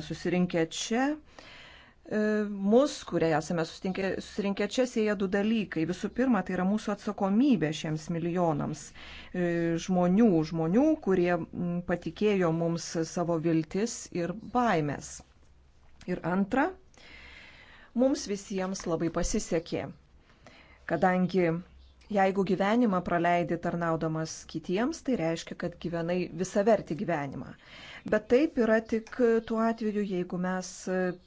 susirinkę čia, e, mus, kurie esame susirinkę, susirinkę čia, sieja du dalykai. Visų pirma, tai yra mūsų atsakomybė šiems milijonams e, žmonių, žmonių, kurie patikėjo mums savo viltis ir baimės. Ir antra, mums visiems labai pasisekė, kadangi Jeigu gyvenimą praleidi tarnaudamas kitiems, tai reiškia, kad gyvenai visaverti gyvenimą. Bet taip yra tik tuo atveju, jeigu mes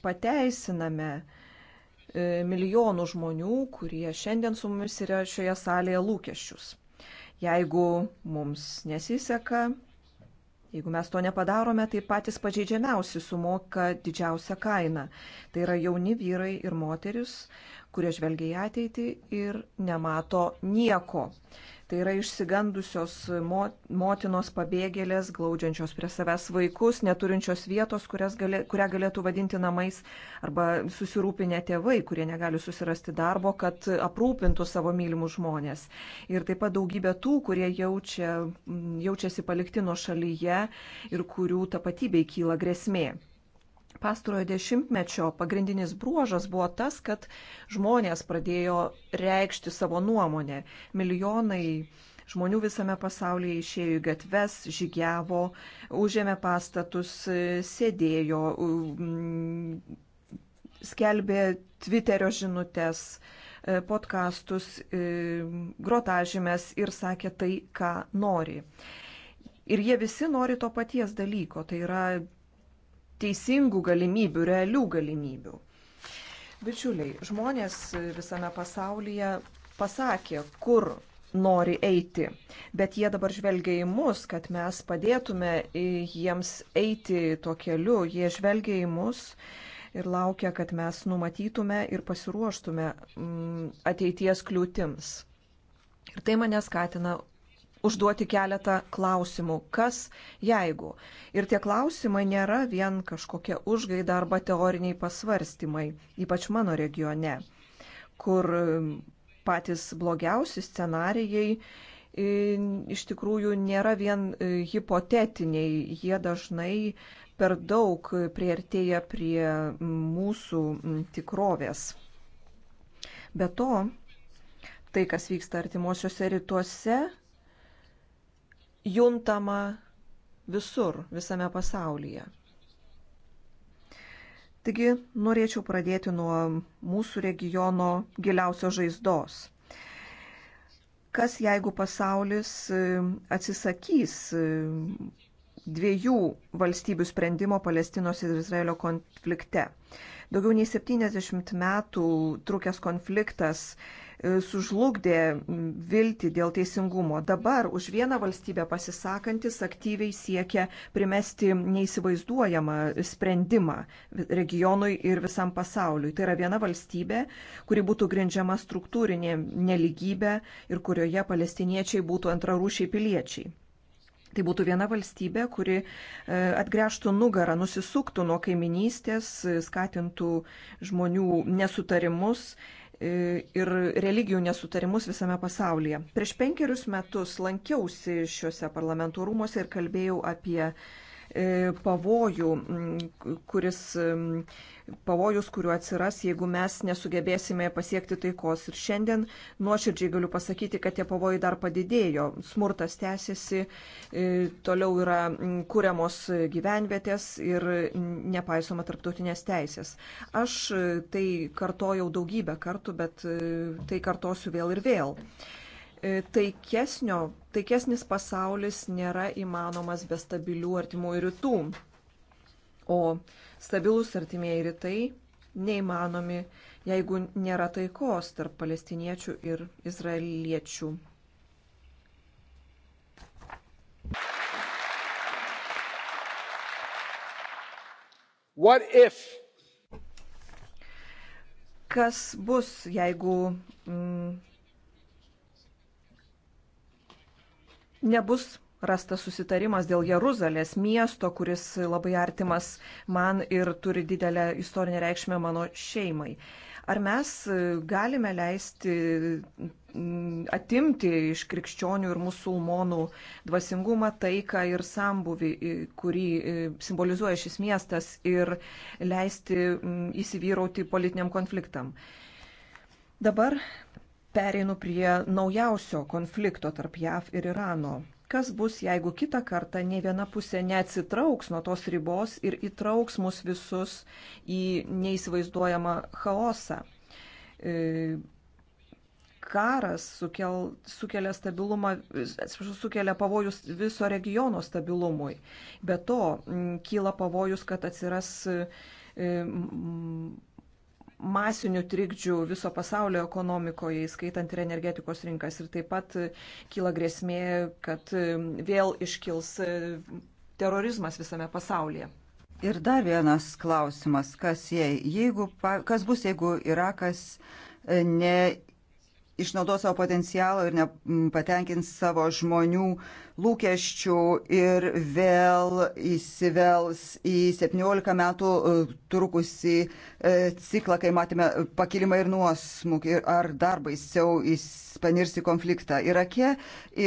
pateisiname e, milijonų žmonių, kurie šiandien su mumis yra šioje salėje lūkesčius. Jeigu mums nesiseka, Jeigu mes to nepadarome, tai patys pažeidžiamiausi sumoka didžiausią kainą. Tai yra jauni vyrai ir moteris, kurie žvelgia į ateitį ir nemato nieko. Tai yra išsigandusios motinos pabėgėlės, glaudžiančios prie savęs vaikus, neturinčios vietos, galė, kurią galėtų vadinti namais, arba susirūpinę tėvai, kurie negali susirasti darbo, kad aprūpintų savo mylimus žmonės. Ir taip pat daugybė tų, kurie jaučia, jaučiasi palikti nuo šalyje ir kurių tapatybei kyla grėsmė pastarojo dešimtmečio pagrindinis bruožas buvo tas, kad žmonės pradėjo reikšti savo nuomonę. Milijonai žmonių visame pasaulyje išėjo į gatves, žygiavo, užėmė pastatus, sėdėjo, mm, skelbė Twitterio žinutės, e, podkastus, e, grotažymės ir sakė tai, ką nori. Ir jie visi nori to paties dalyko, tai yra teisingų galimybių, realių galimybių. Bičiuliai, žmonės visame pasaulyje pasakė, kur nori eiti, bet jie dabar žvelgia į mus, kad mes padėtume jiems eiti tuo keliu, jie žvelgia į mus ir laukia, kad mes numatytume ir pasiruoštume mm, ateities kliūtims. Ir tai mane skatina užduoti keletą klausimų. Kas jeigu? Ir tie klausimai nėra vien kažkokia užgaida arba teoriniai pasvarstymai, ypač mano regione, kur patys blogiausi scenarijai iš tikrųjų nėra vien hipotetiniai, jie dažnai per daug prieartėja prie mūsų tikrovės. Be to, tai, kas vyksta artimuosiuose rytuose, juntama visur, visame pasaulyje. Taigi norėčiau pradėti nuo mūsų regiono giliausios žaizdos. Kas jeigu pasaulis e, atsisakys e, dviejų valstybių sprendimo Palestinos ir Izraelio konflikte? Daugiau nei 70 metų trukęs konfliktas sužlugdė viltį dėl teisingumo. Dabar už vieną valstybę pasisakantis aktyviai siekia primesti neįsivaizduojamą sprendimą regionui ir visam pasauliui. Tai yra viena valstybė, kuri būtų grindžiama struktūrinė neligybė ir kurioje palestiniečiai būtų antrarūšiai piliečiai. Tai būtų viena valstybė, kuri e, atgręžtų nugarą, nusisuktų nuo kaiminystės, skatintų žmonių nesutarimus E, ir religijų nesutarimus visame pasaulyje. Prieš penkerius metus lankiausi šiuose parlamento rūmose ir kalbėjau apie E, pavojų, kuris, pavojus, kuriuo atsiras, jeigu mes nesugebėsime pasiekti taikos. Ir šiandien nuoširdžiai galiu pasakyti, kad tie pavojai dar padidėjo. Smurtas tęsiasi, e, toliau yra kūriamos gyvenvietės ir nepaisoma tarptautinės teisės. Aš e, tai kartojau daugybę kartų, bet tai kartosiu vėl ir vėl. E, taikesnio, taikesnis pasaulis nėra įmanomas be stabilių artimųjų rytų, o stabilus artimieji rytai neįmanomi, jeigu nėra taikos tarp palestiniečių ir izraeliečių. What if? Kas bus, jeigu mm, nebus rastas susitarimas dėl Jeruzalės miesto, kuris labai artimas man ir turi didelę istorinę reikšmę mano šeimai. Ar mes e, galime leisti atimti iš krikščionių ir musulmonų dvasingumą, taiką ir sambuvi, kurį e, simbolizuoja šis miestas, ir leisti įsivyrauti politiniam konfliktam? Dabar Pereinu prie naujausio konflikto tarp JAV ir Irano. Kas bus, jeigu kitą kartą ne viena pusė neatsitrauks nuo tos ribos ir įtrauks mus visus į neįsivaizduojamą chaosą? E, karas sukel, sukelia stabilumą, atsiprašau, sukelia pavojus viso regiono stabilumui. Be to, kyla pavojus, kad atsiras e, masinių trikdžių viso pasaulio ekonomikoje, įskaitant ir energetikos rinkas. Ir taip pat e, kyla grėsmė, kad e, vėl iškils e, terorizmas visame pasaulyje. Ir dar vienas klausimas, kas, jei, jeigu, kas bus, jeigu Irakas ne išnaudos savo potencialo ir nepatenkins savo žmonių lūkesčių ir vėl įsivels į 17 metų e, trukusį e, ciklą, kai matėme pakilimą ir nuosmukį, ar dar baisiau panirsi konfliktą. Irake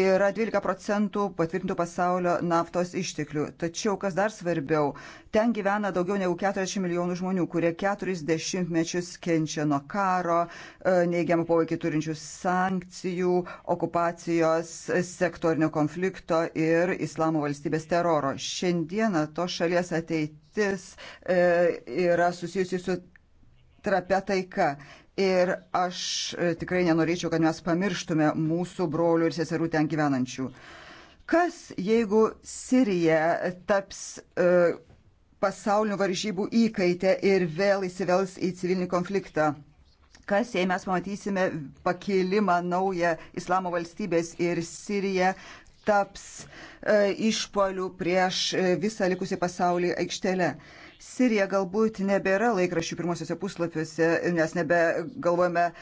yra 12 procentų patvirtintų pasaulio naftos išteklių. Tačiau, kas dar svarbiau, Ten gyvena daugiau negu 40 milijonų žmonių, kurie 40 mečius kenčia nuo karo, e, neigiamą poveikį turinčių sankcijų, okupacijos, sektorinio konflikto ir islamo valstybės teroro. Šiandieną to šalies ateitis e, yra susijusi su trapia taika. Ir aš e, tikrai nenorėčiau, kad mes pamirštume mūsų brolių ir seserų ten gyvenančių. Kas, jeigu Sirija taps uh, pasaulio varžybų įkaitę ir vėl įsivels į civilinį konfliktą. Kas, jei mes matysime pakilimą naują Islamo valstybės ir Siriją, taps e, išpolių prieš e, visą likusį pasaulį aikštelę. Sirija galbūt nebėra laikraščių pirmosiuose puslapiuose, nes nebegalvojame e,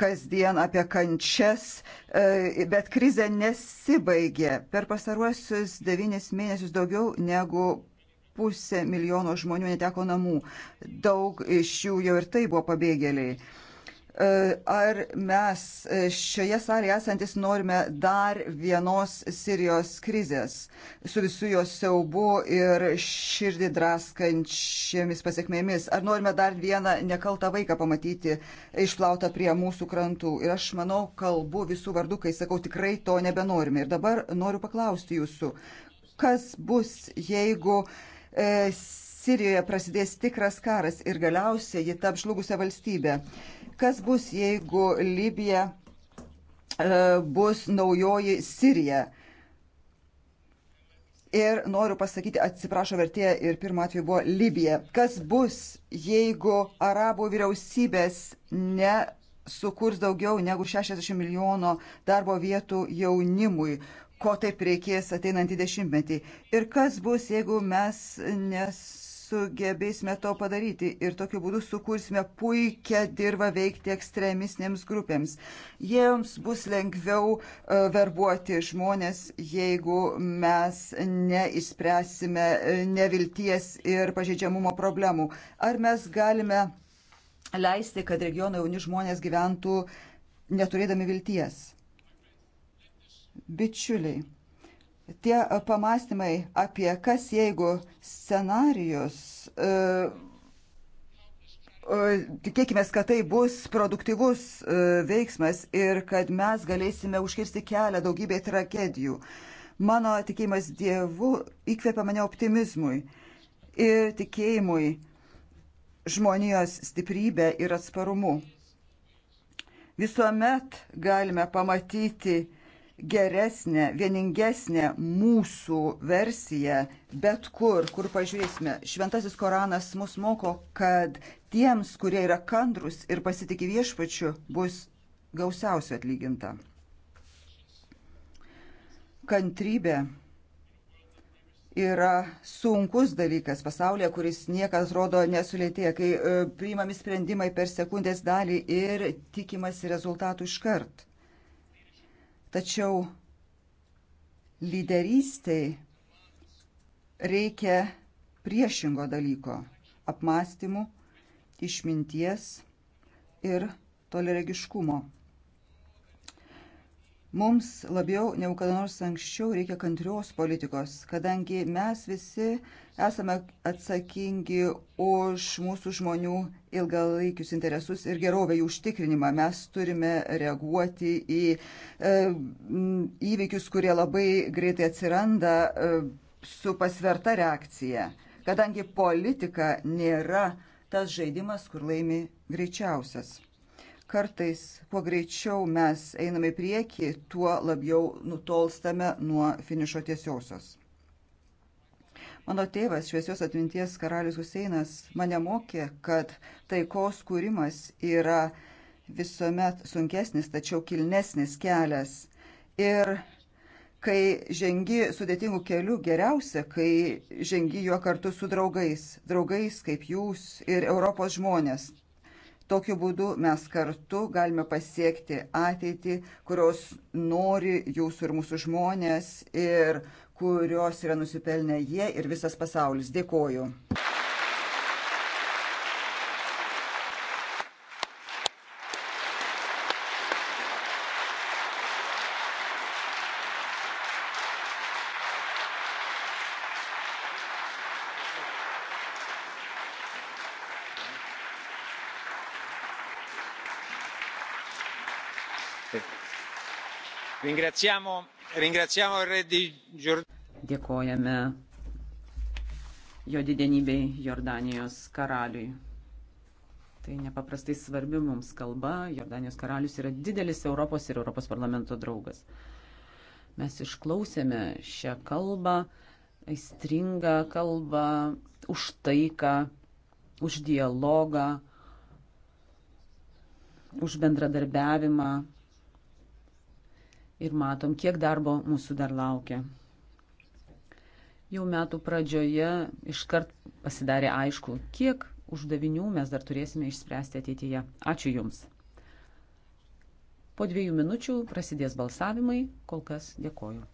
kasdien apie kančias, e, bet krize nesibaigė. Per pastaruosius devynis mėnesius daugiau negu pusė milijono žmonių neteko namų. Daug iš jų jau ir tai buvo pabėgėliai. E, ar mes e, šioje salėje esantis norime dar vienos Sirijos krizės su visų jos siaubu ir širdį draskančiamis pasiekmėmis? Ar norime dar vieną nekaltą vaiką pamatyti išplautą prie mūsų krantų? Ir aš manau, kalbu visų vardų, kai sakau, tikrai to nebenorime. Ir dabar noriu paklausti jūsų, kas bus, jeigu uh, E, Sirijoje prasidės tikras karas ir galiausiai ji taps žlugusią valstybę. Kas bus, jeigu Libija e, bus naujoji Sirija? Ir noriu pasakyti, atsiprašo vertėja ir pirmą atveju buvo Libija. Kas bus, jeigu arabų vyriausybės nesukurs daugiau negu 60 milijono darbo vietų jaunimui, ko taip reikės ateinantį dešimtmetį. Ir kas bus, jeigu mes nesugebėsime to padaryti ir tokiu būdu sukursime puikią dirbą veikti ekstremistinėms grupėms. Jiems bus lengviau e, verbuoti žmonės, jeigu mes neįspręsime e, nevilties ir pažeidžiamumo problemų. Ar mes galime leisti, kad regiono jauni žmonės gyventų neturėdami vilties? bičiuliai, tie pamastymai apie kas jeigu scenarijus, e, e, tikėkime, kad tai bus produktyvus e, veiksmas ir kad mes galėsime užkirsti kelią daugybė tragedijų. Mano tikėjimas Dievu įkvėpia mane optimizmui ir tikėjimui žmonijos stiprybę ir atsparumu. Visuomet galime pamatyti, geresnę, vieningesnę mūsų versiją, bet kur, kur pažiūrėsime. Šventasis Koranas mus moko, kad tiems, kurie yra kandrus ir pasitikė viešpačiu, bus gausiausiai atlyginta. Kantrybė yra sunkus dalykas pasaulyje, kuris niekas rodo nesulėtėja, kai e, priimami sprendimai per sekundės dalį ir tikimasi rezultatų iškart. Tačiau lyderystiai reikia priešingo dalyko - apmąstymų, išminties ir toleregiškumo. Mums labiau negu kada nors anksčiau reikia kantrios politikos, kadangi mes visi esame atsakingi už mūsų žmonių ilgalaikius interesus ir gerovę jų užtikrinimą. Mes turime reaguoti į e, įvykius, kurie labai greitai atsiranda e, su pasverta reakcija, kadangi politika nėra tas žaidimas, kur laimi greičiausias. Kartais, kuo greičiau mes einame į priekį, tuo labiau nutolstame nuo finišo tiesiosios. Mano tėvas, šviesios atminties karalius Huseinas, mane mokė, kad taikos kūrimas yra visuomet sunkesnis, tačiau kilnesnis kelias. Ir kai žengi sudėtingų kelių geriausia, kai žengi juo kartu su draugais, draugais kaip jūs ir Europos žmonės. Tokiu būdu mes kartu galime pasiekti ateitį, kurios nori jūsų ir mūsų žmonės ir kurios yra nusipelnę jie ir visas pasaulis. Dėkoju. Dėkojame jo didenybei Jordanijos karaliui. Tai nepaprastai svarbi mums kalba. Jordanijos karalius yra didelis Europos ir Europos parlamento draugas. Mes išklausėme šią kalbą, aistringą kalbą, už taiką, už dialogą, už bendradarbiavimą, ir matom, kiek darbo mūsų dar laukia. Jau metų pradžioje iškart pasidarė aišku, kiek uždavinių mes dar turėsime išspręsti ateityje. Ačiū Jums. Po dviejų minučių prasidės balsavimai, kol kas dėkoju.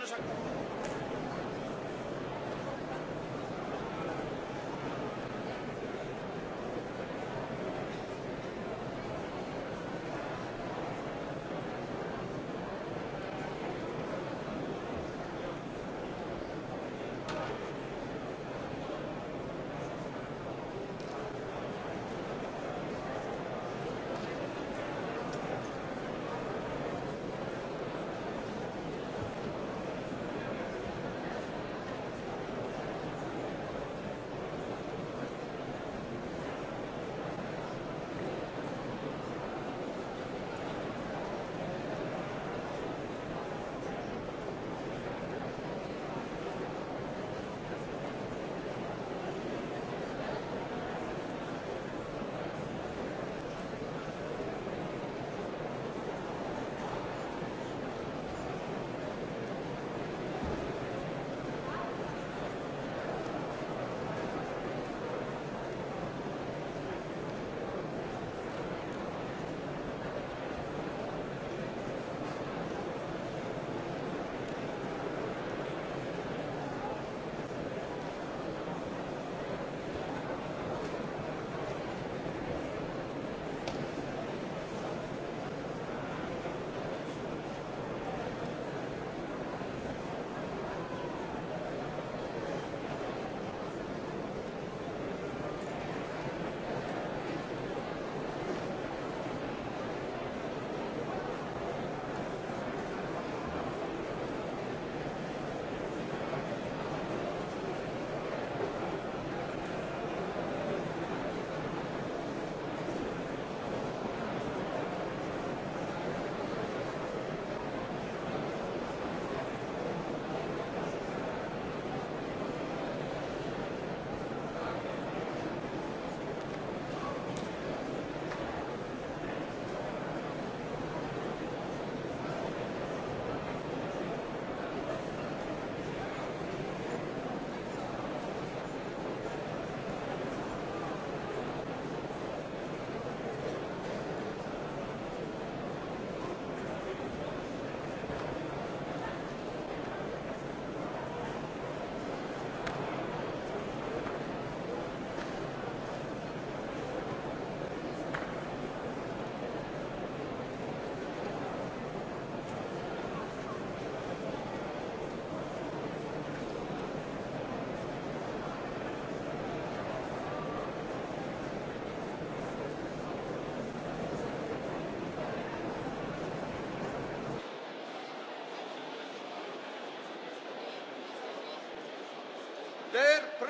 que nos acompaña.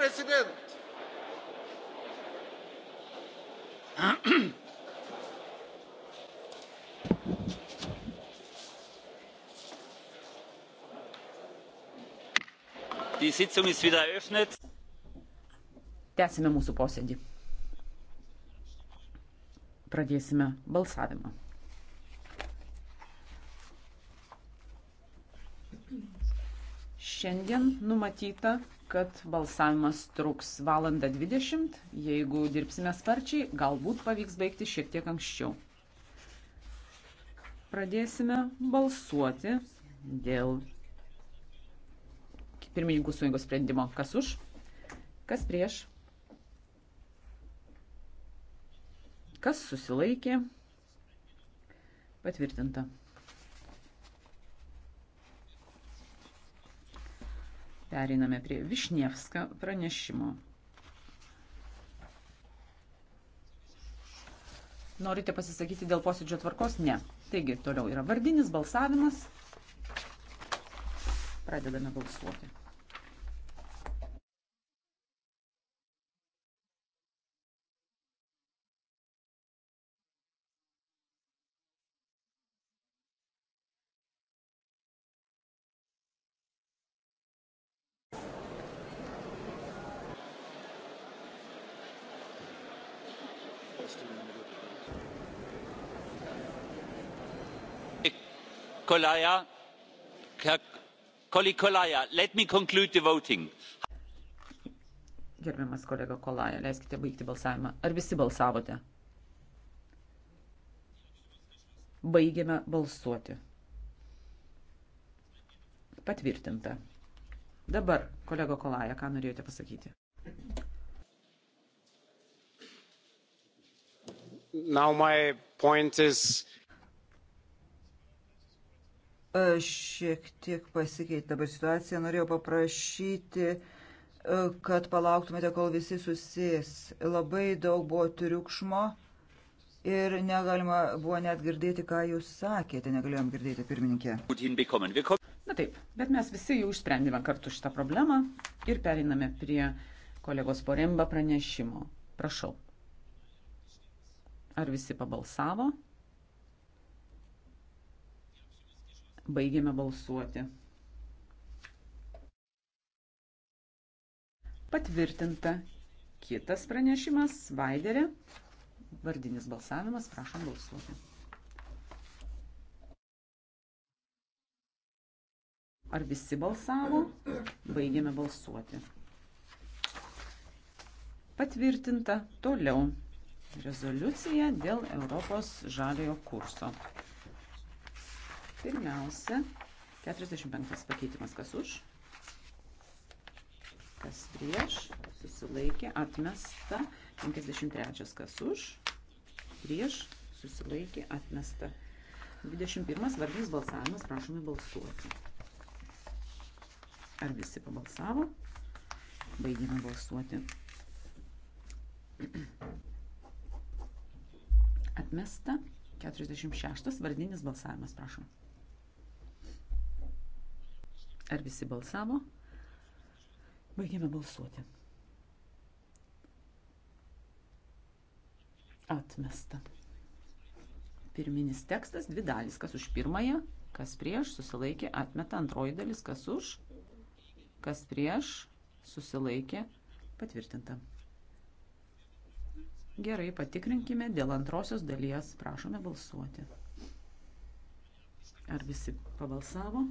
Präsident! Die Sitzung ist wieder eröffnet. Tęsime mūsų posėdį. Pradėsime balsavimą. Šiandien numatyta kad balsavimas truks valandą 20. Jeigu dirbsime sparčiai, galbūt pavyks baigti šiek tiek anksčiau. Pradėsime balsuoti dėl pirmininkų suingos sprendimo. Kas už? Kas prieš? Kas susilaikė? Patvirtinta. Pereiname prie Višnievska pranešimo. Norite pasisakyti dėl posėdžio tvarkos? Ne. Taigi, toliau yra vardinis balsavimas. Pradedame balsuoti. Gerbiamas kolega Kolaja, leiskite baigti balsavimą. Ar visi balsavote? Baigiame balsuoti. Patvirtinta. Dabar, kolega Kolaja, ką norėjote pasakyti? Now my point is šiek tiek pasikeitė dabar situacija. Norėjau paprašyti, e, kad palauktumėte, kol visi susės. Labai daug buvo triukšmo ir negalima buvo net girdėti, ką jūs sakėte. Negalėjom girdėti, pirmininkė. Na taip, bet mes visi jau išsprendėme kartu šitą problemą ir periname prie kolegos Poremba pranešimo. Prašau. Ar visi pabalsavo? Baigėme balsuoti. Patvirtinta. Kitas pranešimas – Vaiderė. Vardinis balsavimas. Prašom balsuoti. Ar visi balsavo? Baigėme balsuoti. Patvirtinta toliau rezoliucija dėl Europos žaliojo kurso. Pirmiausia, 45 pakeitimas kas už, kas prieš, susilaikė, atmesta, 53 kas už, prieš, susilaikė, atmesta. 21 vardinis balsavimas, prašome balsuoti. Ar visi pabalsavo? Baigėme balsuoti. Atmesta 46 vardinis balsavimas, prašom. Ar visi balsavo? Baigėme balsuoti. Atmesta. Pirminis tekstas, dvi dalis, kas už pirmąją, kas prieš, susilaikė, atmeta antroji dalis, kas už, kas prieš, susilaikė, patvirtinta. Gerai, patikrinkime dėl antrosios dalies, prašome balsuoti. Ar visi pabalsavo?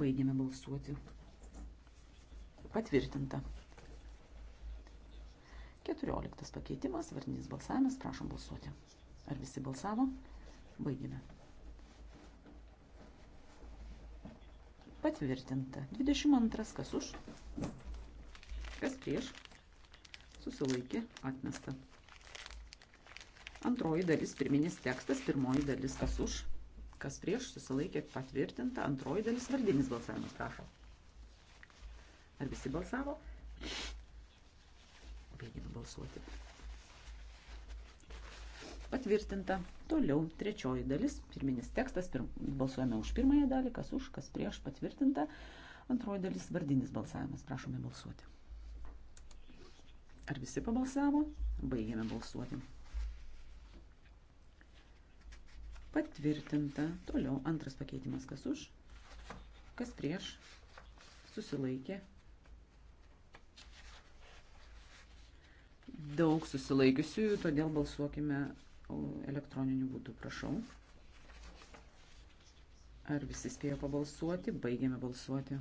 Baigėme balsuoti. Patvirtinta. 14 pakeitimas, vardinis balsavimas, prašom balsuoti. Ar visi balsavo? Baigėme. Patvirtinta. 22. Kas už? Kas prieš? Susilaikė. Atmesta. Antroji dalis, pirminis tekstas, pirmoji dalis, kas už? Kas prieš susilaikė patvirtinta. Antroji dalis vardinis balsavimas, prašau. Ar visi balsavo? Baigiame balsuoti. Patvirtinta. Toliau trečioji dalis. Pirminis tekstas. Pir... Balsuojame už pirmąją dalį. Kas už, kas prieš patvirtinta. Antroji dalis vardinis balsavimas. Prašome balsuoti. Ar visi pabalsavo? Baigėme balsuoti. Patvirtinta. Toliau antras pakeitimas. Kas už? Kas prieš? Susilaikė. Daug susilaikiusiųjų, todėl balsuokime elektroniniu būdu. Prašau. Ar visi spėjo pabalsuoti? Baigėme balsuoti.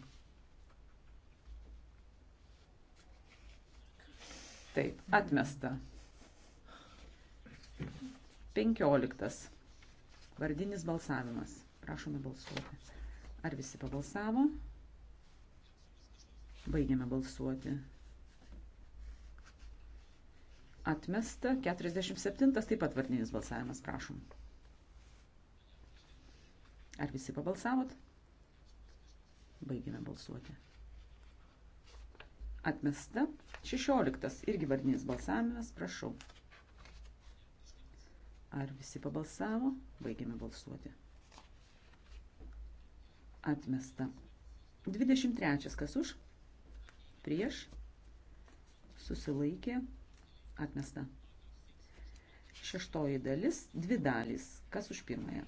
Taip, atmesta. 15. Vardinis balsavimas. Prašome balsuoti. Ar visi pabalsavo? Baigiame balsuoti. Atmesta. 47. Taip pat vardinis balsavimas. Prašom. Ar visi pabalsavot? Baigiame balsuoti. Atmesta. 16. Irgi vardinis balsavimas. Prašau. Ar visi pabalsavo? Baigiame balsuoti. Atmesta. 23. Kas už? Prieš. Susilaikė. Atmesta. Šeštoji dalis. Dvi dalys. Kas už pirmąją?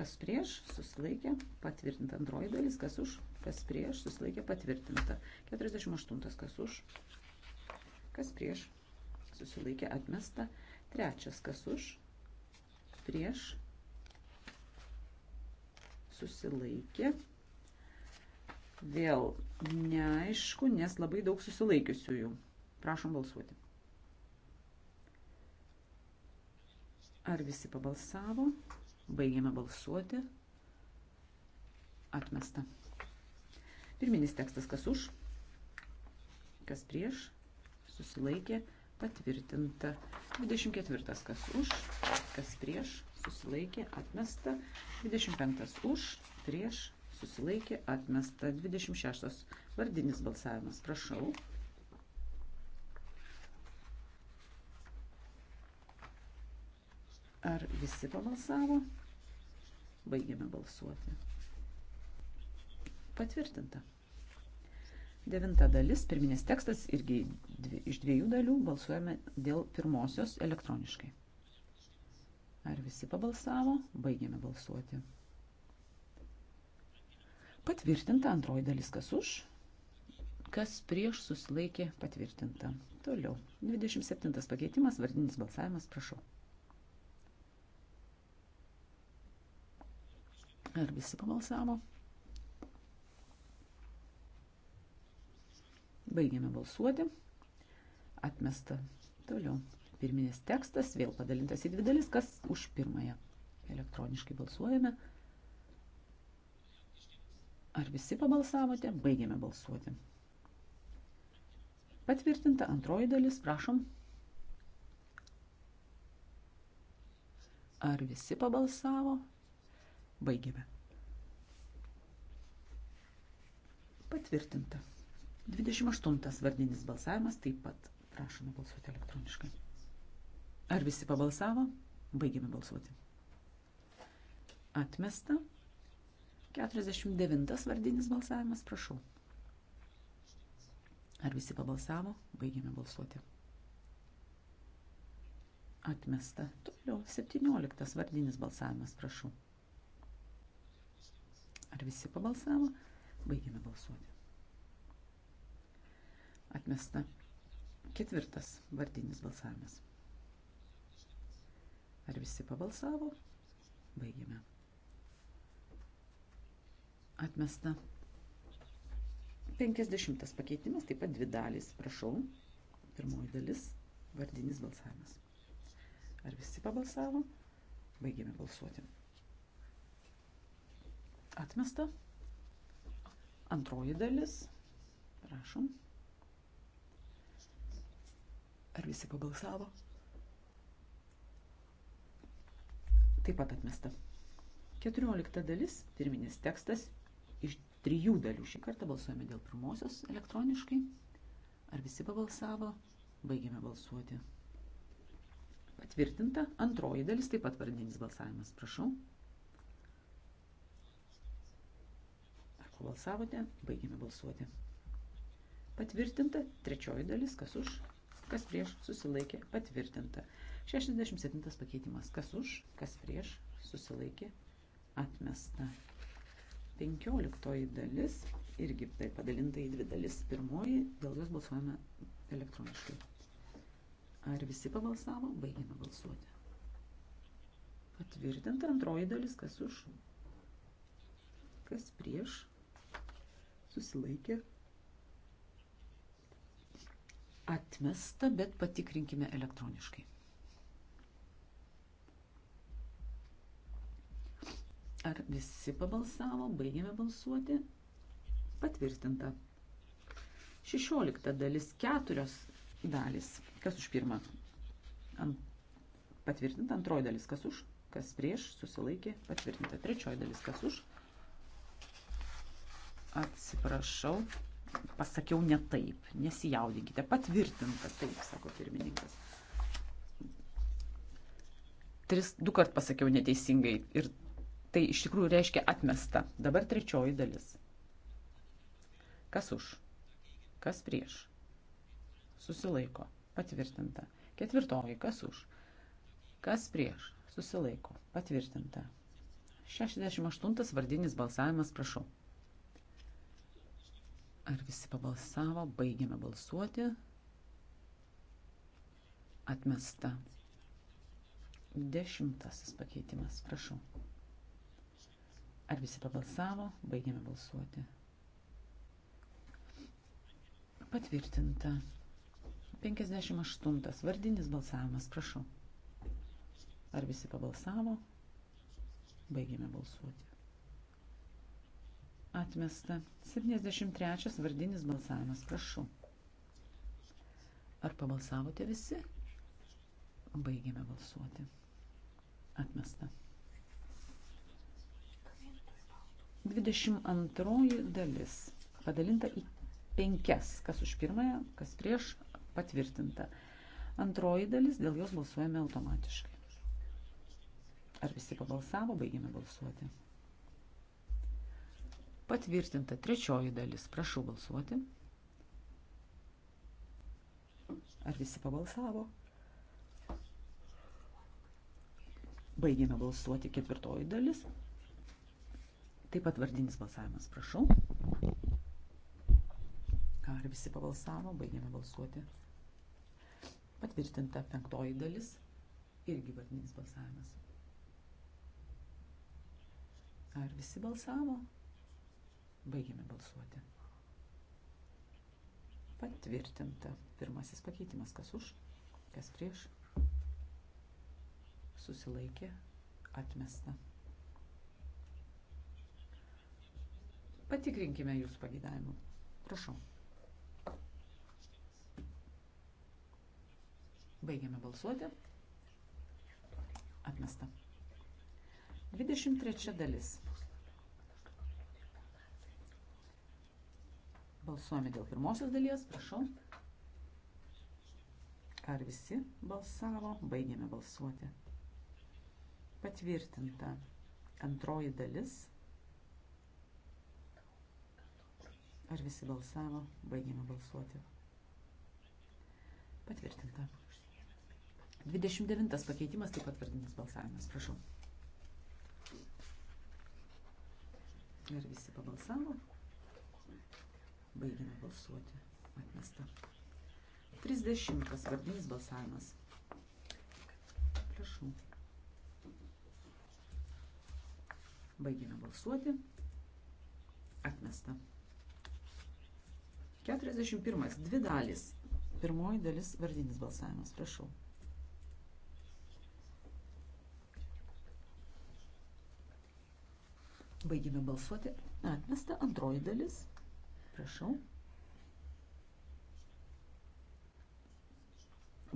Kas prieš? Susilaikė. Patvirtinta antroji dalis. Kas už? Kas prieš? Susilaikė. Patvirtinta. 48. Kas už? Kas prieš? Susilaikė. Atmesta. Trečias. Kas už? prieš susilaikė. Vėl neaišku, nes labai daug susilaikiusiųjų. Prašom balsuoti. Ar visi pabalsavo? Baigėme balsuoti. Atmesta. Pirminis tekstas kas už, kas prieš, susilaikė, patvirtinta. 24 kas už, kas prieš, susilaikė, atmesta, 25 už, prieš, susilaikė, atmesta, 26 vardinis balsavimas, prašau. Ar visi pabalsavo? Baigiame balsuoti. Patvirtinta. Devinta dalis, pirminis tekstas irgi dvi, iš dviejų dalių balsuojame dėl pirmosios elektroniškai. Ar visi pabalsavo? Baigėme balsuoti. Patvirtinta antroji dalis, kas už, kas prieš susilaikė patvirtinta. Toliau. 27 pakeitimas, vardinis balsavimas, prašau. Ar visi pabalsavo? Baigėme balsuoti. Atmesta. Toliau. Pirminis tekstas vėl padalintas į dvi dalis, kas už pirmąją. Elektroniškai balsuojame. Ar visi pabalsavote? Baigėme balsuoti. Patvirtinta antroji dalis, prašom. Ar visi pabalsavo? Baigėme. Patvirtinta. 28 vardinis balsavimas taip pat prašome balsuoti elektroniškai. Ar visi pabalsavo? Baigėme balsuoti. Atmesta. 49 vardinis balsavimas, prašau. Ar visi pabalsavo? Baigėme balsuoti. Atmesta. Toliau 17 vardinis balsavimas, prašau. Ar visi pabalsavo? Baigėme balsuoti. Atmesta. Ketvirtas vardinis balsavimas. Ar visi pabalsavo? Baigėme. Atmesta. 50 pakeitimas, taip pat dvi dalys. Prašau. Pirmoji dalis – vardinis balsavimas. Ar visi pabalsavo? Baigėme balsuoti. Atmesta. Antroji dalis. Prašom. Ar visi pabalsavo? Taip pat atmesta. 14 dalis, pirminis tekstas iš trijų dalių. Šį kartą balsuojame dėl pirmosios elektroniškai. Ar visi pabalsavo? Baigėme balsuoti. Patvirtinta. Antroji dalis taip pat vardinis balsavimas. Prašau. Ar pabalsavote? Baigėme balsuoti. Patvirtinta. Trečioji dalis. Kas už? Kas prieš? Susilaikė. Patvirtinta. Patvirtinta. 67 pakeitimas. Kas už, kas prieš, susilaikė, atmesta. 15 dalis, irgi tai padalinta į dvi dalis. Pirmoji, dėl jos balsuojame elektroniškai. Ar visi pabalsavo? Baigėme balsuoti. Patvirtinta antroji dalis, kas už, kas prieš, susilaikė, atmesta, bet patikrinkime elektroniškai. Ar visi pabalsavo? Baigėme balsuoti. Patvirtinta. 16 dalis, 4 dalis. Kas už pirmą? Ant, patvirtinta antroji dalis, kas už, kas prieš, susilaikė, patvirtinta trečioji dalis, kas už. Atsiprašau, pasakiau ne taip, nesijaudinkite, patvirtinta taip, sako pirmininkas. Tris, du kart pasakiau neteisingai ir tai iš tikrųjų reiškia atmesta. Dabar trečioji dalis. Kas už? Kas prieš? Susilaiko. Patvirtinta. Ketvirtoji. Kas už? Kas prieš? Susilaiko. Patvirtinta. 68 vardinis balsavimas, prašau. Ar visi pabalsavo? Baigiame balsuoti. Atmesta. Dešimtasis pakeitimas, prašau. Ar visi pabalsavo? Baigėme balsuoti. Patvirtinta. 58. Vardinis balsavimas. Prašau. Ar visi pabalsavo? Baigėme balsuoti. Atmesta. 73. Vardinis balsavimas. Prašau. Ar pabalsavote visi? Baigėme balsuoti. Atmesta. 22 dalis padalinta į penkias, kas už pirmąją, kas prieš, patvirtinta. Antroji dalis, dėl jos balsuojame automatiškai. Ar visi pabalsavo, baigėme balsuoti. Patvirtinta trečioji dalis, prašau balsuoti. Ar visi pabalsavo? Baigėme balsuoti ketvirtoji dalis, Taip pat vardinis balsavimas, prašau. Ar visi pabalsavo, baigėme balsuoti. Patvirtinta penktoji dalis, irgi vardinis balsavimas. Ar visi balsavo? Baigėme balsuoti. Patvirtinta pirmasis pakeitimas, kas už, kas prieš. Susilaikė, atmesta. Patikrinkime jūsų pagėdavimą. Prašau. Baigiame balsuoti. Atmesta. 23 dalis. Balsuojame dėl pirmosios dalies, prašau. Ar visi balsavo? Baigiame balsuoti. Patvirtinta antroji dalis. Ar visi balsavo? Baigėme balsuoti. Patvirtinta. 29 pakeitimas, taip pat vardinis balsavimas. Prašau. Ar visi pabalsavo? Baigėme balsuoti. Atmesta. 30 vardinis balsavimas. Prašau. Baigėme balsuoti. Atmesta. 41. Dvi dalys. Pirmoji dalis vardinis balsavimas. Prašau. Baigime balsuoti. Atmesta antroji dalis. Prašau.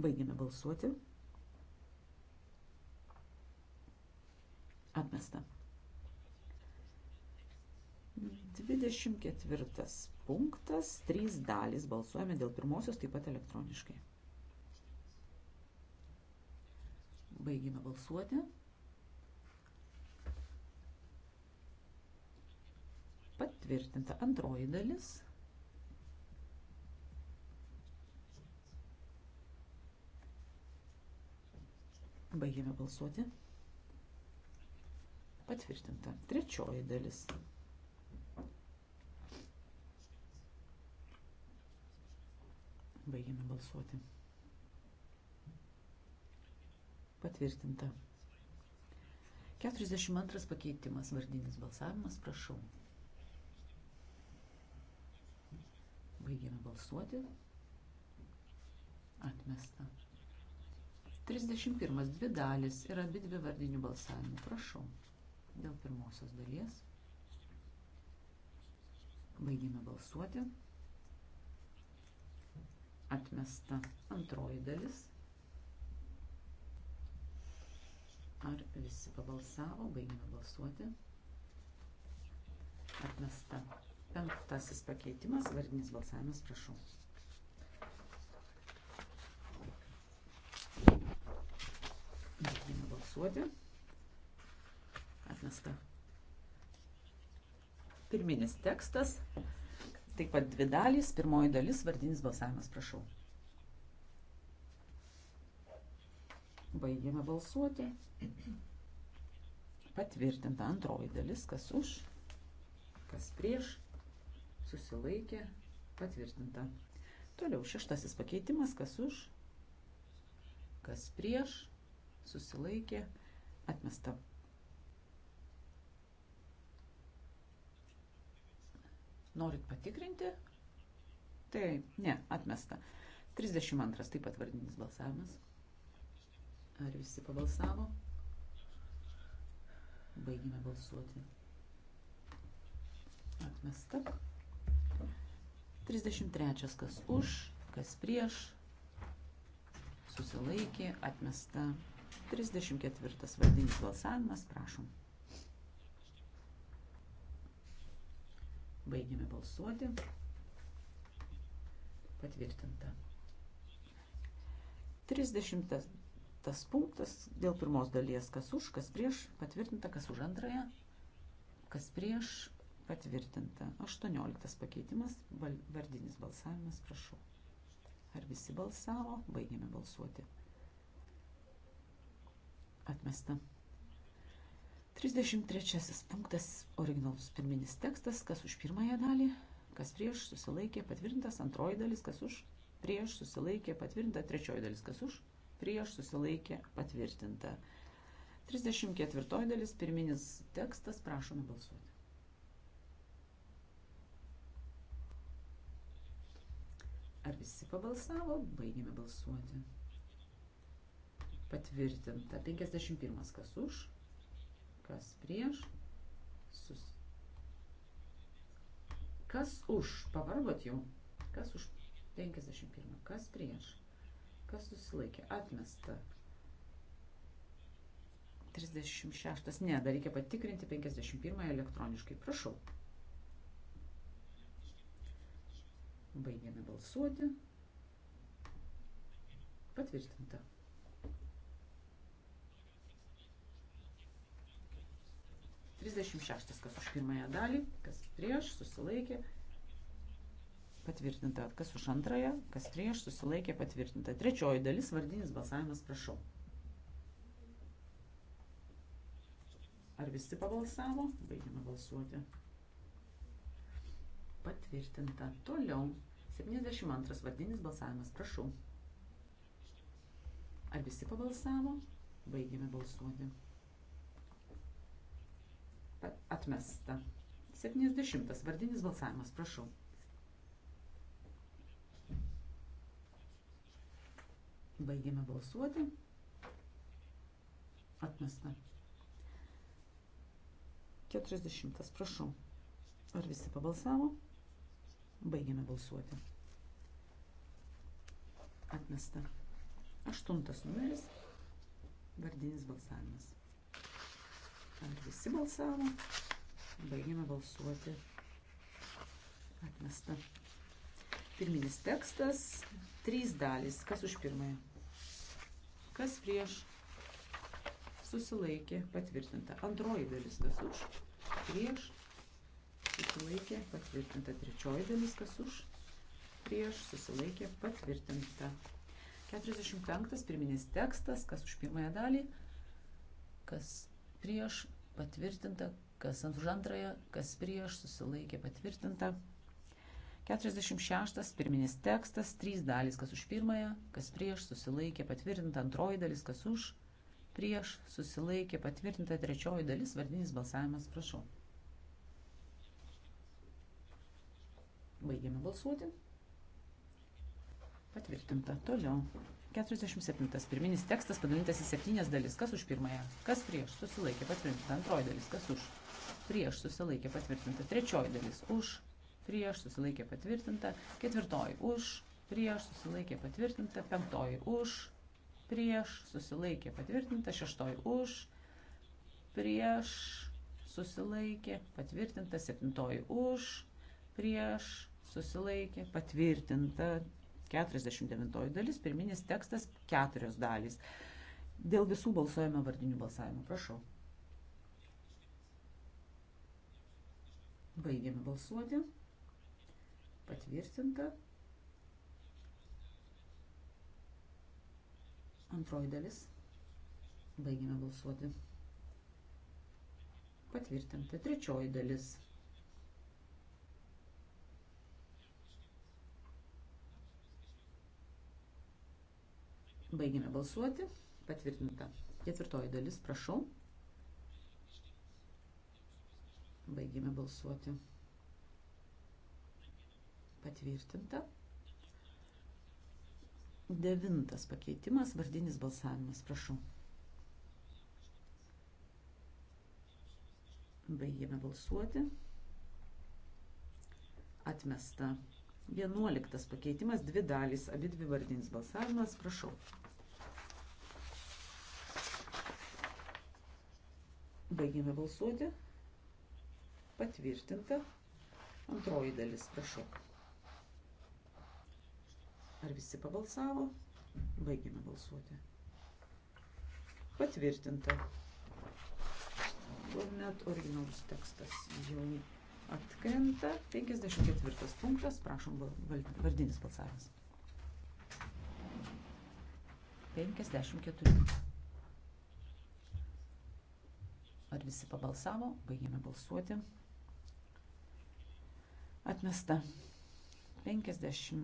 Baigime balsuoti. Atmesta. 24 punktas, trys dalys. Balsuojame dėl pirmosios taip pat elektroniškai. Baigime balsuoti. Patvirtinta antroji dalis. Baigėme balsuoti. Patvirtinta. Trečioji dalis. Baigiame balsuoti. Patvirtinta. 42 pakeitimas, vardinis balsavimas, prašau. Baigiame balsuoti. Atmesta. 31. Dvi dalis ir abi dvi vardinių balsavimų. Prašau. Dėl pirmosios dalies. Baigiame balsuoti atmesta. Antroji dalis. Ar visi pabalsavo, baigime balsuoti. Atmesta. Penktasis pakeitimas, vardinis balsavimas, prašau. Baigime balsuoti. Atmesta. Pirminis tekstas. Taip pat dvi dalys. Pirmoji dalis, vardinis balsavimas, prašau. Baigėme balsuoti. Patvirtinta antroji dalis, kas už, kas prieš, susilaikė, patvirtinta. Toliau šeštasis pakeitimas, kas už, kas prieš, susilaikė, atmesta Norit patikrinti? Taip, ne, atmesta. 32 taip pat vardinis balsavimas. Ar visi pabalsavo? Baigime balsuoti. Atmesta. 33 kas už, kas prieš, susilaikė, atmesta. 34 vardinis balsavimas, prašom. Baigėme balsuoti. Patvirtinta. 30 tas punktas dėl pirmos dalies, kas už, kas prieš, patvirtinta, kas už antrąją, kas prieš, patvirtinta. 18 pakeitimas, vardinis balsavimas, prašau. Ar visi balsavo? Baigėme balsuoti. Atmesta. 33 punktas originalus pirminis tekstas, kas už pirmąją dalį, kas prieš susilaikė patvirtintas, antroji dalis, kas už prieš susilaikė patvirtinta, trečioji dalis, kas už prieš susilaikė patvirtinta. 34 dalis, pirminis tekstas, prašome balsuoti. Ar visi pabalsavo? Baigėme balsuoti. Patvirtinta. 51 kas už, kas prieš, sus... kas už, pavargot jau, kas už 51, kas prieš, kas susilaikė, atmesta. 36, ne, dar reikia patikrinti 51 elektroniškai, prašau. Baigiame balsuoti. Patvirtinta. 36. Kas už pirmąją dalį, kas prieš, susilaikė. Patvirtinta. Kas už antrąją, kas prieš, susilaikė, patvirtinta. Trečioji dalis, vardinis balsavimas, prašau. Ar visi pabalsavo? Baigime balsuoti. Patvirtinta. Toliau. 72. Vardinis balsavimas, prašau. Ar visi pabalsavo? Baigėme balsuoti atmesta. 70. Vardinis balsavimas, prašau. Baigiame balsuoti. Atmesta. 40. Prašau. Ar visi pabalsavo? Baigiame balsuoti. Atmesta. 8. Numeris. Vardinis balsavimas. Ar visi balsavo? Baigiame balsuoti. Atmesta. Pirminis tekstas. Trys dalys. Kas už pirmąją? Kas prieš? Susilaikė. Patvirtinta. Antroji dalis. Kas už? Prieš. Susilaikė. Patvirtinta. Trečioji dalis. Kas už? Prieš. Susilaikė. Patvirtinta. 45. Pirminis tekstas. Kas už pirmąją dalį? Kas prieš? Patvirtinta kas ant už antrąją, kas prieš, susilaikė patvirtinta. 46. Pirminis tekstas, 3 dalys, kas už pirmąją, kas prieš, susilaikė patvirtinta, antroji dalis, kas už, prieš, susilaikė patvirtinta, trečioji dalis, vardinis balsavimas, prašau. Baigiame balsuoti. Patvirtinta. Toliau. 47. Pirminis tekstas padalintas į septynias dalis. Kas už pirmąją? Kas prieš? Susilaikė patvirtinta. Antroji dalis. Kas už? prieš susilaikė patvirtinta. Trečioji dalis už, prieš susilaikė patvirtinta. Ketvirtoji už, prieš susilaikė patvirtinta. Penktoji už, prieš susilaikė patvirtinta. Šeštoji už, prieš susilaikė patvirtinta. Septintoji už, prieš susilaikė patvirtinta. 49 dalis, pirminis tekstas keturios dalys. Dėl visų balsuojame vardinių balsavimų. Prašau. Baigiame balsuoti. Patvirtinta. Antroji dalis. Baigiame balsuoti. Patvirtinta. Trečioji dalis. Baigiame balsuoti. Patvirtinta. Ketvirtoji dalis. Prašau. Baigėme balsuoti. Patvirtinta. Devintas pakeitimas, vardinis balsavimas, prašau. Baigėme balsuoti. Atmesta. Vienuoliktas pakeitimas, dvi dalys, abi dvi vardinis balsavimas, prašau. Baigėme balsuoti. Patvirtinta. Antroji dalis, prašau. Ar visi pabalsavo? Baigėme balsuoti. Patvirtinta. Tuomet originalus tekstas jau atkrenta. 54 punktas, prašom, vardinis balsavimas. 54. Ar visi pabalsavo? Baigėme balsuoti. Atmesta. 53.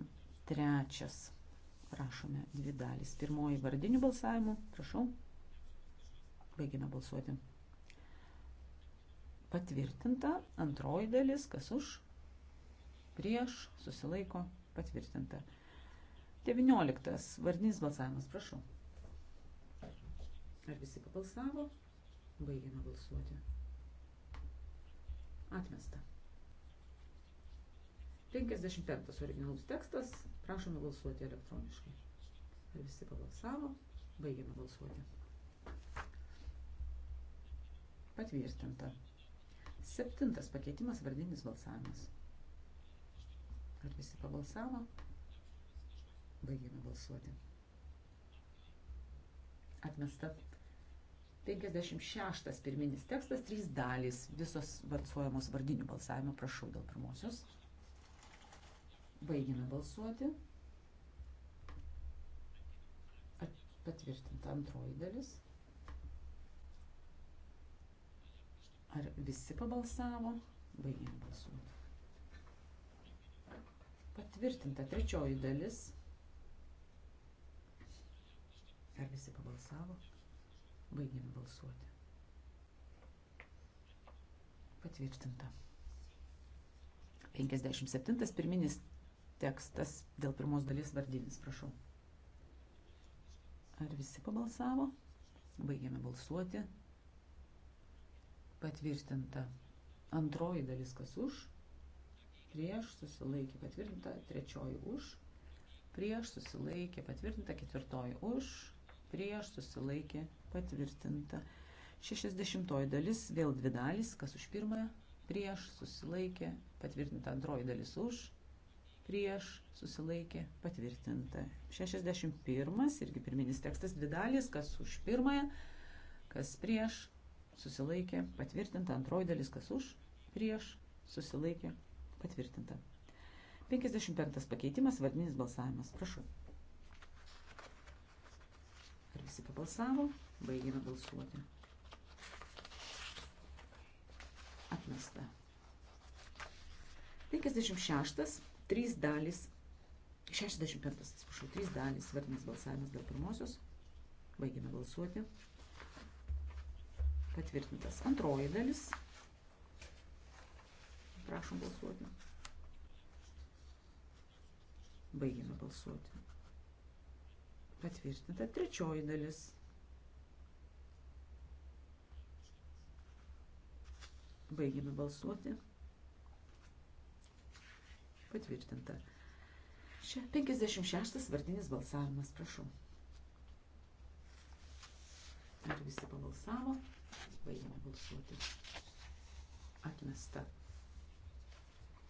Prašome dvi dalys. Pirmoji vardinių balsavimų. Prašau. Baigime balsuoti. Patvirtinta. Antroji dalis. Kas už? Prieš. Susilaiko. Patvirtinta. 19. Vardinis balsavimas. Prašau. Ar visi pabalsavo? Baigėme balsuoti. Atmesta. 55 originalus tekstas. Prašome balsuoti elektroniškai. Ar visi pabalsavo? Baigiame balsuoti. Patvirtinta. Septintas pakeitimas vardinis balsavimas. Ar visi pabalsavo? Baigiame balsuoti. Atmesta. 56 pirminis tekstas, trys dalys, visos balsuojamos vardinių balsavimo, prašau dėl pirmosios. Baigiame balsuoti. Patvirtinta antroji dalis. Ar visi pabalsavo? Baigiame balsuoti. Patvirtinta trečioji dalis. Ar visi pabalsavo? Baigiame balsuoti. Patvirtinta. 57. Pirminis tekstas dėl pirmos dalies vardinis, prašau. Ar visi pabalsavo? Baigiame balsuoti. Patvirtinta. Antroji dalis kas už, prieš susilaikė patvirtinta, trečioji už, prieš susilaikė patvirtinta, ketvirtoji už, prieš susilaikė patvirtinta. Šešisdešimtoji dalis, vėl dvi dalis, kas už pirmąją, prieš susilaikė patvirtinta, antroji dalis už, prieš susilaikė patvirtinta. 61 irgi pirminis tekstas dvi dalys, kas už pirmąją, kas prieš susilaikė patvirtinta, antroji dalis, kas už prieš susilaikė patvirtinta. 55 pakeitimas, vardinis balsavimas. Prašau. Ar visi pabalsavo? Baigėme balsuoti. Atmesta. 56 Trys dalys, 65, atsiprašau, trys dalys, vardinis balsavimas dėl pirmosios. Baigėme balsuoti. Patvirtintas antroji dalis. Prašom balsuoti. Baigėme balsuoti. Patvirtinta trečioji dalis. Baigėme balsuoti patvirtinta. 56 vardinis balsavimas, prašau. Ar visi pabalsavo? Baigime balsuoti. Atmesta.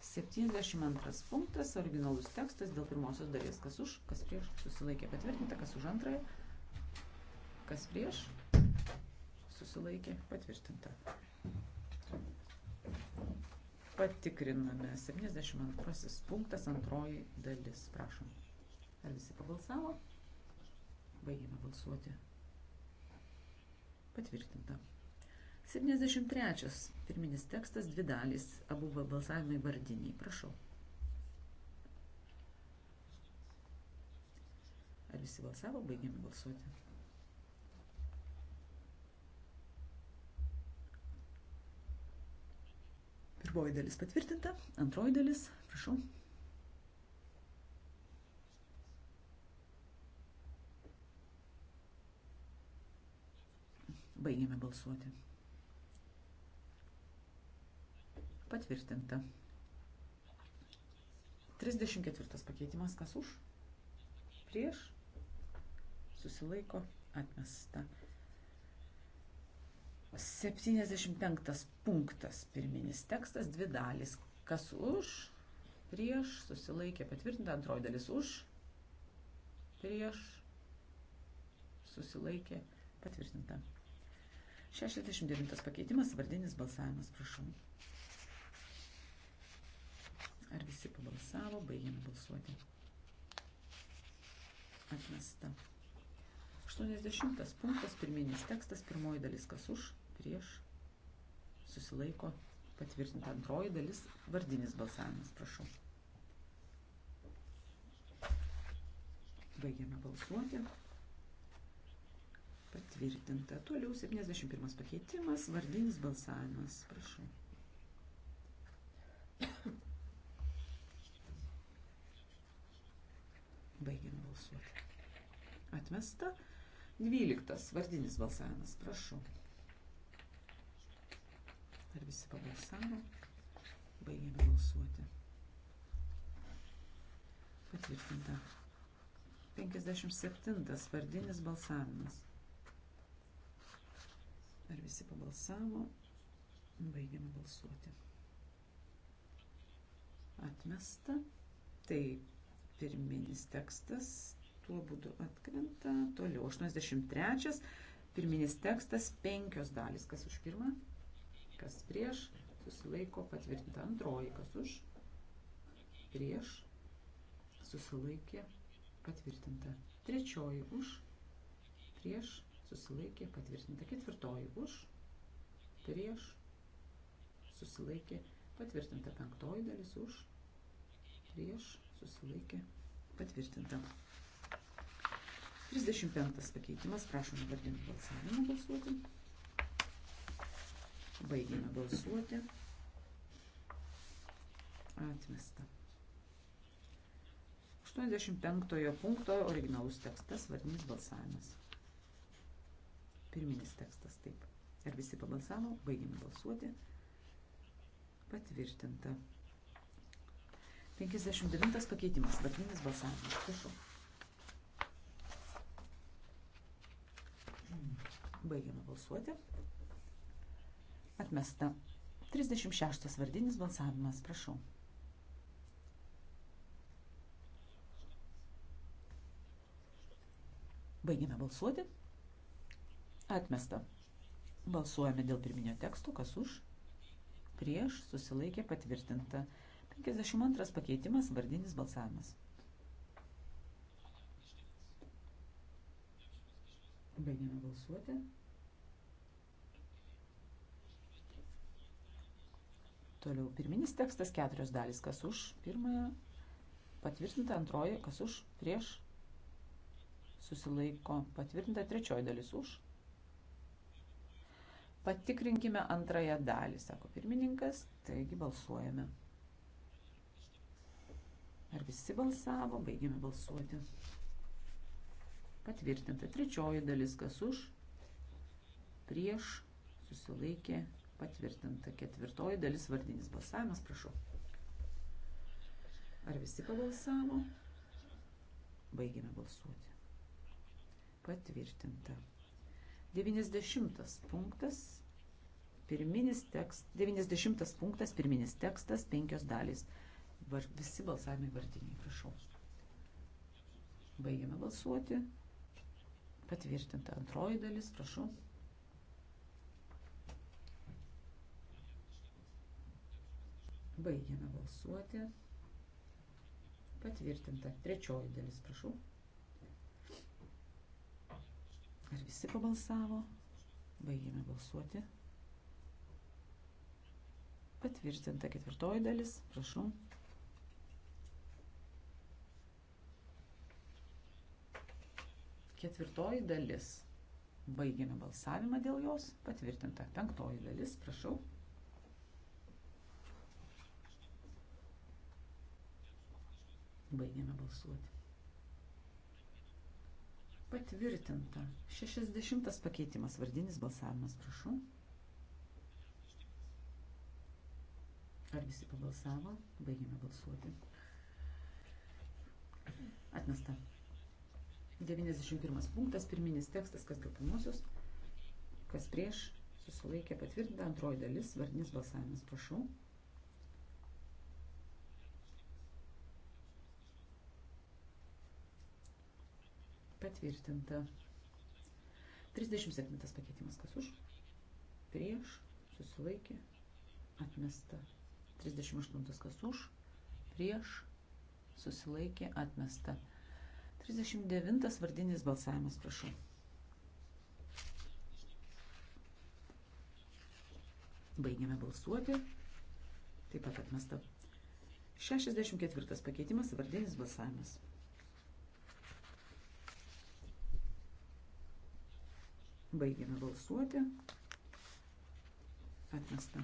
72 punktas, originalus tekstas dėl pirmosios dalies. Kas už, kas prieš, susilaikė patvirtinta, kas už antrąją, kas prieš, susilaikė patvirtinta. Patikriname 72 punktas antroji dalis. Prašom. Ar visi pabalsavo? Baigėme balsuoti. Patvirtinta. 73. Pirminis tekstas, dvi dalys, abu balsavimai vardiniai. Prašau. Ar visi balsavo? Baigėme balsuoti. Pirmoji dalis patvirtinta, antroji dalis, prašau. Baigėme balsuoti. Patvirtinta. 34 pakeitimas, kas už? Prieš? Susilaiko atmesta. 75 punktas pirminis tekstas, dvi dalys. Kas už, prieš, susilaikė patvirtinta, antroji dalis už, prieš, susilaikė patvirtinta. 69 pakeitimas, vardinis balsavimas, prašau. Ar visi pabalsavo, baigėme balsuoti. Atmesta. 80 punktas, pirminis tekstas, pirmoji dalis kas už, prieš, susilaiko, patvirtinta antroji dalis, vardinis balsavimas, prašau. Baigiame balsuoti. Patvirtinta. Toliau 71 pakeitimas, vardinis balsavimas, prašau. Baigiame balsuoti. Atmesta. 12. Vardinis balsavimas. Prašau. Ar visi pabalsavo? Baigėme balsuoti. Patvirtinta. 57. Vardinis balsavimas. Ar visi pabalsavo? Baigėme balsuoti. Atmesta. Tai pirminis tekstas tuo būdu atkrenta. Toliau 83. Pirminis tekstas penkios dalys. Kas už pirmą? kas prieš, susilaiko patvirtinta antroji, kas už, prieš, susilaikė patvirtinta trečioji už, prieš, susilaikė patvirtinta ketvirtoji už, prieš, susilaikė patvirtinta penktoji dalis už, prieš, susilaikė patvirtinta. 35 pakeitimas, prašom vardinti balsavimą balsuoti. Baigėme balsuoti. Atmesta. 85 punkto originalus tekstas, vardinis balsavimas. Pirminis tekstas, taip. Ar visi pabalsavo? Baigėme balsuoti. Patvirtinta. 59 pakeitimas, vardinis balsavimas. Prašau. Baigiame balsuoti. Atmesta. 36 vardinis balsavimas. Prašau. Baigėme balsuoti. Atmesta. Balsuojame dėl pirminio teksto, kas už, prieš, susilaikė patvirtinta. 52 pakeitimas, vardinis balsavimas. Baigėme balsuoti. Toliau pirminis tekstas keturios dalys. Kas už pirmąją? Patvirtinta antroji. Kas už? Prieš? Susilaiko. Patvirtinta trečioji dalis už. Patikrinkime antrąją dalį, sako pirmininkas. Taigi balsuojame. Ar visi balsavo? Baigėme balsuoti. Patvirtinta trečioji dalis, kas už, prieš, susilaikė, Patvirtinta ketvirtoji dalis vardinis balsavimas, prašau. Ar visi pabalsavo? Baigėme balsuoti. Patvirtinta. 90 punktas, pirminis tekst, 90 punktas, pirminis tekstas, penkios dalys. Var, visi balsavimai vardiniai, prašau. Baigėme balsuoti. Patvirtinta antroji dalis, prašau. Baigiame balsuoti. Patvirtinta. Trečioji dalis, prašau. Ar visi pabalsavo? Baigiame balsuoti. Patvirtinta ketvirtoji dalis, prašau. Ketvirtoji dalis. Baigiame balsavimą dėl jos. Patvirtinta penktoji dalis, prašau. Baigėme balsuoti. Patvirtinta. 60 pakeitimas. Vardinis balsavimas, prašau. Ar visi pabalsavo? Baigėme balsuoti. Atmesta. 91 punktas, pirminis tekstas, kas dėl pirmosios, kas prieš, susilaikė patvirtinta antroji dalis, vardinis balsavimas, prašau. Patvirtinta. 37 pakeitimas. Kas už? Prieš. Susilaikė. Atmesta. 38 kas už. Prieš. Susilaikė. Atmesta. 39 vardinis balsavimas. Prašau. Baigiame balsuoti. Taip pat atmesta. 64 pakeitimas. Vardinis balsavimas. Baigiame balsuoti. Atmesta.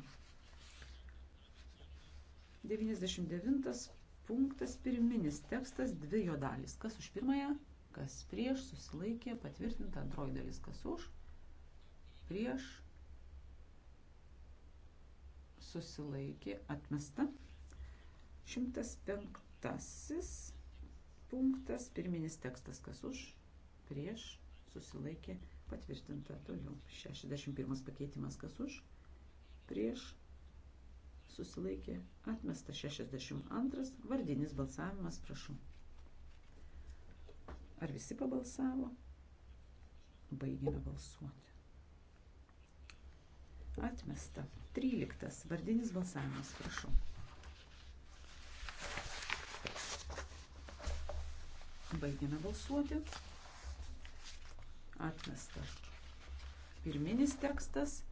99 punktas pirminis tekstas dvi jo dalys. Kas už pirmąją, kas prieš, susilaikė, patvirtinta antroji dalis. Kas už, prieš, susilaikė, atmesta. 105 punktas pirminis tekstas. Kas už, prieš, susilaikė, atmesta patvirtinta toliau. 61 pakeitimas kas už, prieš, susilaikė, atmesta 62, vardinis balsavimas, prašau. Ar visi pabalsavo? Baigėme balsuoti. Atmesta. 13. Vardinis balsavimas, prašau. Baigėme balsuoti. Atmesta. Pirminis tekstas.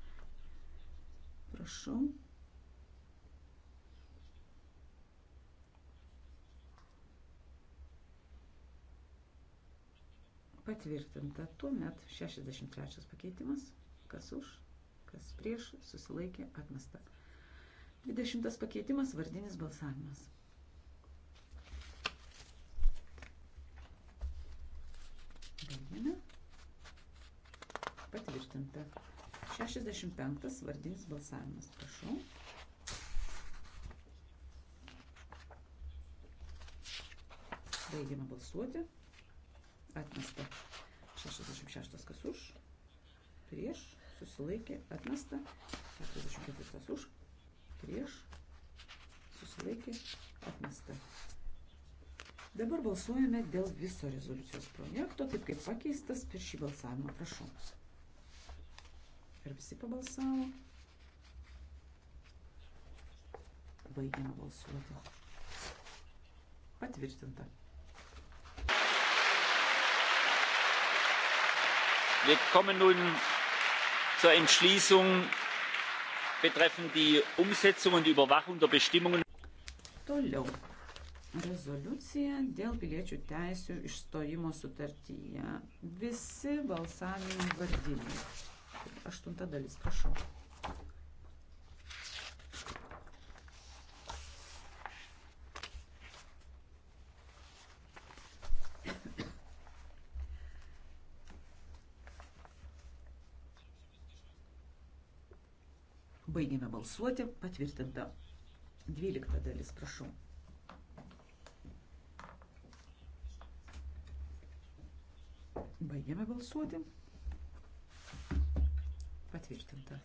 Prašau. Patvirtinta. Tuomet 63 pakeitimas. Kas už, kas prieš, susilaikė, atmesta. 20 pakeitimas, vardinis balsavimas. Baigiame. Patvirtinta. 65 vardinis balsavimas. Prašau. Baigiame balsuoti. Atmesta. 66 kas už. Prieš. Susilaikė. Atmesta. 44 kas už. Prieš. Susilaikė. Atmesta. Dabar balsuojame dėl viso rezoliucijos projekto, taip kaip pakeistas per šį balsavimą. Prašau. Ar visi pabalsavo? Baigiame balsuoti. Patvirtinta. Wir kommen nun zur Entschließung betreffend die Umsetzung und Überwachung der Bestimmungen. Toliau. Rezoliucija dėl piliečių teisių išstojimo sutartyje. Visi balsavimai vardiniai. Aštunta dalis, prašau. Baigėme balsuoti, patvirtinta 12 dalis, prašau. Baigėme balsuoti. Patvirtinta.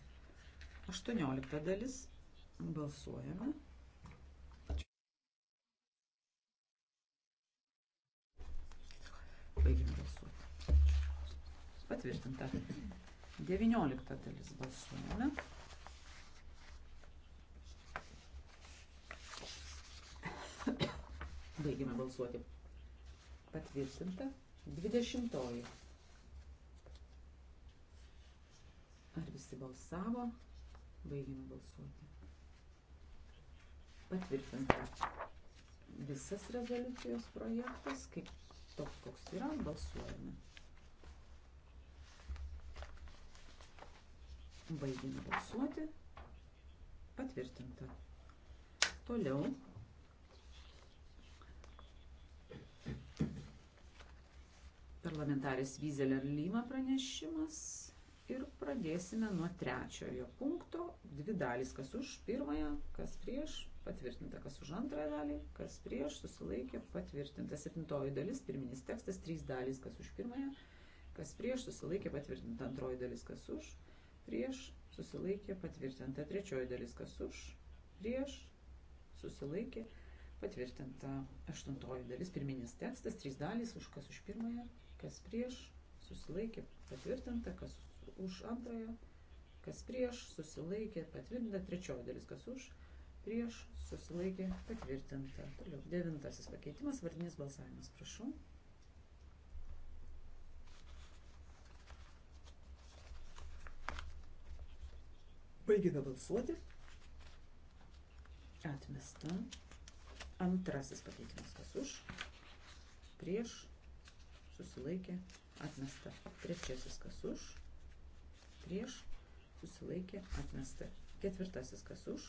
18 dalis. Balsuojame. Baigime balsuoti. Patvirtinta. 19 dalis. Balsuojame. Baigime balsuoti. Patvirtinta. 20. Visi balsavo. Baigiame balsuoti. Patvirtinta visas rezoliucijos projektas, kaip toks, koks yra, balsuojame. Baigiame balsuoti. Patvirtinta. Toliau. Parlamentarės Vizeler Lyma pranešimas ir pradėsime nuo trečiojo punkto. Dvi dalys, kas už pirmąją, kas prieš, patvirtinta, kas už antrąją dalį, kas prieš, susilaikė, patvirtinta. Septintoji dalis, pirminis tekstas, trys dalys, kas už pirmąją, kas prieš, susilaikė, patvirtinta. Antroji dalis, kas už, prieš, susilaikė, patvirtinta. Trečioji dalis, kas už, prieš, susilaikė, patvirtinta. Aštuntoji dalis, pirminis tekstas, trys dalys, už kas už pirmąją, kas prieš, susilaikė, patvirtinta, kas už antrąją, kas prieš, susilaikė, patvirtinta. Trečioji dalis, kas už, prieš, susilaikė, patvirtinta. Toliau, devintasis pakeitimas, vardinis balsavimas, prašau. Baigėme balsuoti. Atmesta. Antrasis pakeitimas, kas už, prieš, susilaikė, atmesta. Trečiasis, kas už, prieš, susilaikė, atmesta. Ketvirtasis, kas už,